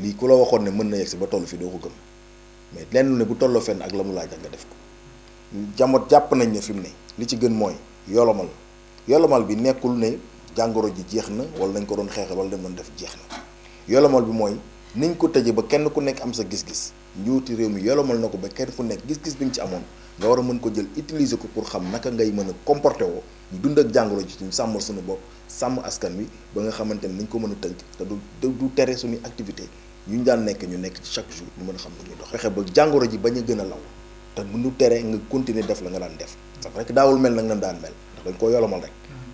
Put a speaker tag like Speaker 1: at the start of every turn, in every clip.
Speaker 1: lii ku la waxoon ne mën na yegg si ba toll fii doo ko gëm mais lenn ne bu tolloo fenn ak la mu laaj nga def ko jamono jàpp nañ ne fi mu ne li ci gën mooy yolomal yolomal bi nekkul ne jàngoro ji jeex na wala nañ ko doon xeexal wala dañ doon def jeex na yolomal bi mooy niñ ko tëjee ba kenn ku nekk am sa gis-gis njuuti réew mi yolomal na ko ba kenn fu nekk gis-gis bi nga ci amoon. nga war a mën ko jël utiliser ko pour xam naka ngay mën a comporté woo ñu dund ak jàngoro ji ñu sàmm suñu bopp sàmm askan wi ba nga xamante ni nañ ko mën a tënk te du du tere suñuy activité ñu daan nekk ñu nekk ci chaque jour ñu mën a xam nu ñuy dox fexe ba ji bañ a gën a law te mënu tere nga continuer def la nga daan def sax rek daawul mel nag na daan mel ndax dañ koo yolomal rek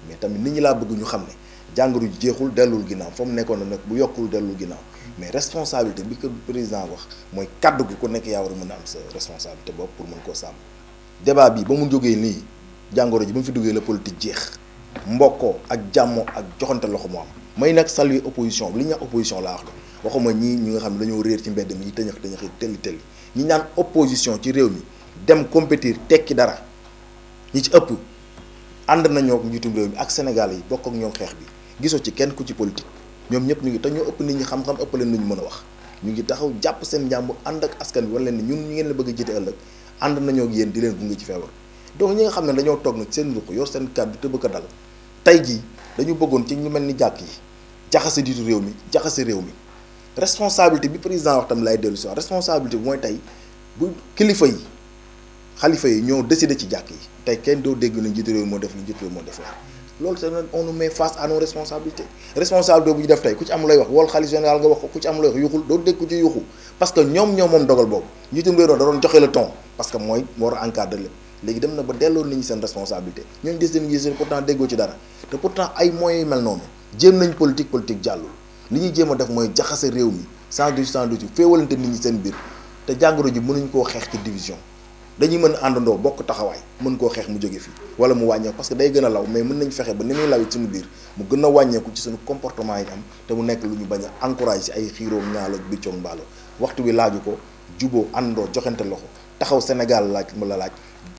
Speaker 1: mais tamit nit ñi laa bëgg ñu xam ne jàngoro ji jeexul dellul ginnaaw fa mu nekkoon na nag bu yokkul dellul ginnaaw mais responsabilité bi kër président wax mooy kàddu gi ku nekk yaa war a mën a am sa responsabilité boobu pour mën koo sàmm débat bi ba mu jógee nii jàngoro ji ba mu fi duggee la politique jeex mbokkoo ak jàmmoo ak joxante loxo moo am may nag saluer opposition li ñu opposition laa wax de waxuma ñii ñi nga xam ne dañoo ci mbedd mi tëñëx tëñëx telli telli ñi naan opposition ci réew mi dem compétir tekki dara ñi ci ëpp ànd nañoo ak njiitum réew mi ak senegal yi bokk ak ñoom xeex bi gisoo ci kenn ku ci politique ñoom ñëpp ñu ngi te ñoo ëpp nit ñi xam-xam ëpp leen ñu mën a wax ñu ngi taxaw jàpp seen njàmb ànd ak askan wi wala leen ni ñun ñu ngeen la bëgg a jiite ëllëg And nañu ak yeen di leen ci donc ñi nga seen seen te bëgg dal tay ji dañu bëggoon ci ñu yi responsabilité bi président wax tam lay responsabilité moy tay bu yi yi ñoo décidé ci jakk yi tay do dégg na réew def def on nous met face à nos responsabilités Responsable, bu def tay ku ci am lay wax wol général nga wax ku ci am lay wax do dégg ku ci parce que ñom ñom mom dogal boobu njiitum réew da doon joxe le ton parce que mooy moo war a encadré léegi dem na ba delloo nit ñi seen responsabilité ñooñu des nañu gis pourtant déggoo ci dara te pourtant ay moyens yu mel noonu jéem nañ politique politique jàllul li ñuy jéem a def mooy jaxase réew mi sans doute sans doute féewalante nit ñi seen biir te jàngoro ji mënuñ koo xeex ci division dañuy mën àndandoo bokk taxawaay mën koo xeex mu jóge fii wala mu wàññeeku parce que day gën a law mais mën nañ fexe ba ni muy lawee suñu biir mu gën a wàññeeku ci suñu comportement yi am te mu nekk ñu bañ a encouragé ay xiiroo ñaalo bi coog mbaalo waxtu bi laaju ko juboo àndandoo joxante loxo taxaw Sénégal laaj mu la laaj